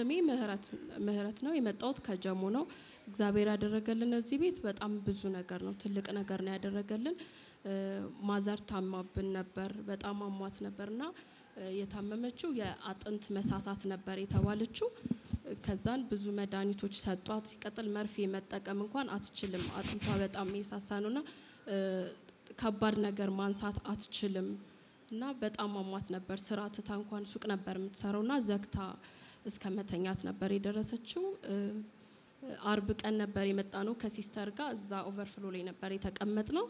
ስሜ ምህረት ነው። የመጣሁት ከጀሙ ነው። እግዚአብሔር ያደረገልን እዚህ ቤት በጣም ብዙ ነገር ነው። ትልቅ ነገር ነው ያደረገልን። ማዘር ታማብን ነበር፣ በጣም አሟት ነበርና የታመመችው የአጥንት መሳሳት ነበር የተባለችው። ከዛን ብዙ መድኃኒቶች ሰጧት። ሲቀጥል መርፌ መጠቀም እንኳን አትችልም። አጥንቷ በጣም የሳሳ ነውና ከባድ ነገር ማንሳት አትችልም እና በጣም አሟት ነበር። ስራ ትታ እንኳን ሱቅ ነበር የምትሰራውና ዘግታ እስከ መተኛት ነበር የደረሰችው። አርብ ቀን ነበር የመጣ ነው ከሲስተር ጋር እዛ ኦቨርፍሎ ላይ ነበር የተቀመጥ ነው።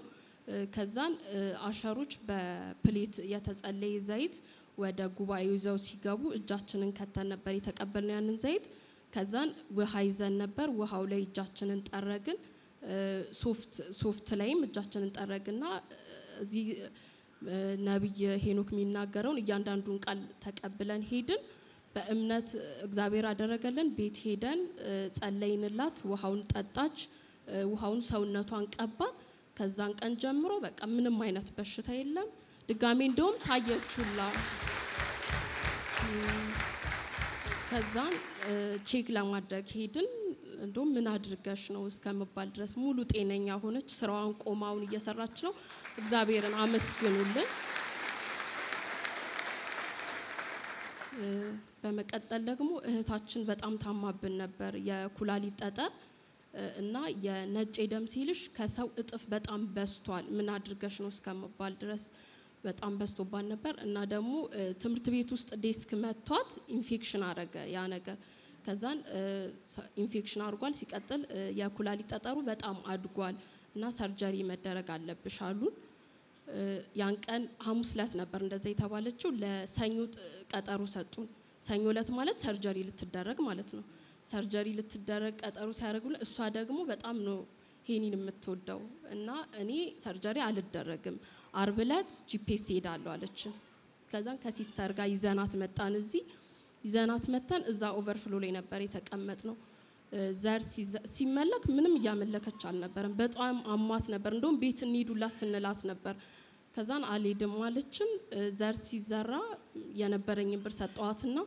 ከዛን አሸሮች በፕሌት የተጸለየ ዘይት ወደ ጉባኤው ይዘው ሲገቡ እጃችንን ከተን ነበር የተቀበልነው ያንን ዘይት። ከዛን ውሃ ይዘን ነበር። ውሃው ላይ እጃችንን ጠረግን። ሶፍት ላይም እጃችንን ጠረግና እዚህ ነቢይ ሄኖክ የሚናገረውን እያንዳንዱን ቃል ተቀብለን ሄድን። በእምነት እግዚአብሔር አደረገልን። ቤት ሄደን ጸለይንላት፣ ውሃውን ጠጣች፣ ውሃውን ሰውነቷን ቀባ ከዛን ቀን ጀምሮ በቃ ምንም አይነት በሽታ የለም። ድጋሜ እንደውም ታየችላ። ከዛን ቼክ ለማድረግ ሄድን። እንዲሁም ምን አድርገሽ ነው እስከምባል ድረስ ሙሉ ጤነኛ ሆነች። ስራዋን ቆማውን እየሰራች ነው። እግዚአብሔርን አመስግኑልን። በመቀጠል ደግሞ እህታችን በጣም ታማብን ነበር። የኩላሊት ጠጠር እና የነጭ የደም ሴልሽ ከሰው እጥፍ በጣም በስቷል ምን አድርገሽ ነው እስከመባል ድረስ በጣም በስቶባን ነበር እና ደግሞ ትምህርት ቤት ውስጥ ዴስክ መቷት ኢንፌክሽን አረገ ያ ነገር። ከዛን ኢንፌክሽን አድርጓል። ሲቀጥል የኩላሊት ጠጠሩ በጣም አድጓል እና ሰርጀሪ መደረግ አለብሽ አሉን። ያን ቀን ሐሙስ ለት ነበር እንደዛ የተባለችው። ለሰኞ ቀጠሮ ሰጡን። ሰኞ ለት ማለት ሰርጀሪ ልትደረግ ማለት ነው። ሰርጀሪ ልትደረግ ቀጠሮ እሷ ደግሞ በጣም ነው ሄኒን የምትወደው እና እኔ ሰርጀሪ አልደረግም አርብ ለት ጂፒኤስ ሄዳለሁ አለችን። ከዛን ከሲስተር ጋር ይዘናት መጣን። እዚህ ይዘናት መጥተን እዛ ኦቨርፍሎ ላይ ነበር የተቀመጥ ነው ዘር ሲመለክ ምንም እያመለከች አልነበርም። በጣም አሟት ነበር። እንደውም ቤት እንሂዱላ ስንላት ነበር። ከዛን አልሄድም አለችን። ዘር ሲዘራ የነበረኝን ብር ሰጠዋትና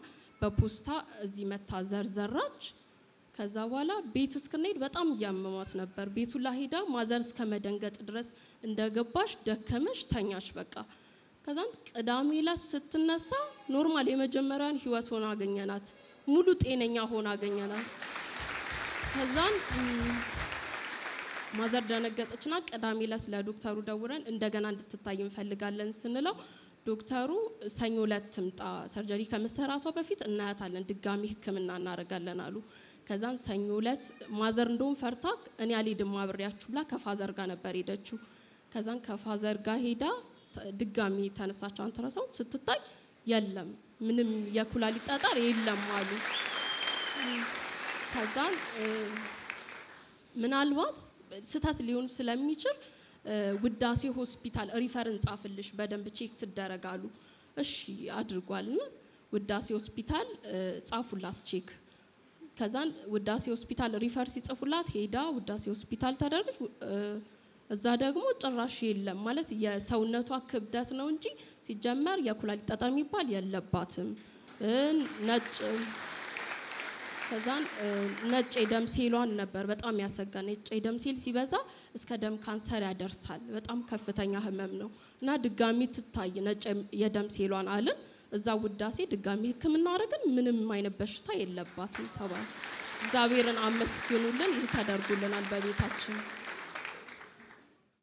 በፖስታ እዚህ መታ ዘር ዘራች። ከዛ በኋላ ቤት እስክንሄድ በጣም እያመሟት ነበር። ቤቱ ላ ሄዳ ማዘር እስከ መደንገጥ ድረስ እንደገባሽ ደከመሽ፣ ተኛሽ በቃ። ከዛን ቅዳሜ ላይ ስትነሳ ኖርማል የመጀመሪያን ህይወት ሆና አገኘናት። ሙሉ ጤነኛ ሆና አገኘናት። ከዛን ማዘር ደነገጠችና ቅዳሜ ዕለት ለዶክተሩ ደውረን እንደገና እንድትታይ እንፈልጋለን ስንለው ዶክተሩ ሰኞ ለት ትምጣ፣ ሰርጀሪ ከመሰራቷ በፊት እናያታለን፣ ድጋሚ ህክምና እናደርጋለን አሉ። ከዛን ሰኞ ለት ማዘር እንደውም ፈርታ እኔ አልሄድም አብሬያችሁ ብላ ከፋዘር ጋር ነበር ሄደችው። ከዛን ከፋዘር ጋር ሄዳ ድጋሚ ተነሳች። አንትረሰው ስትታይ የለም ምንም የኩላሊት ጠጠር የለም አሉ። ከዛን ምናልባት ስህተት ሊሆን ስለሚችል ውዳሴ ሆስፒታል ሪፈርን ጻፍልሽ በደንብ ቼክ ትደረጋሉ። እሺ አድርጓልና ውዳሴ ሆስፒታል ጻፉላት ቼክ። ከዛን ውዳሴ ሆስፒታል ሪፈር ሲጽፉላት ሄዳ ውዳሴ ሆስፒታል ተደረገች። እዛ ደግሞ ጭራሽ የለም ማለት የሰውነቷ ክብደት ነው እንጂ ሲጀመር የኩላሊት ጠጠር የሚባል የለባትም ነጭ ከዛን ነጭ የደም ሴሏን ነበር በጣም ያሰጋ። ነጭ የደም ሴል ሲበዛ እስከ ደም ካንሰር ያደርሳል። በጣም ከፍተኛ ህመም ነው እና ድጋሚ ትታይ ነጭ የደም ሴሏን አልን። እዛ ውዳሴ ድጋሚ ህክምና አረግን። ምንም አይነት በሽታ የለባትም ተባለ። እግዚአብሔርን አመስግኑልን። ይህ ተደርጉልናል በቤታችን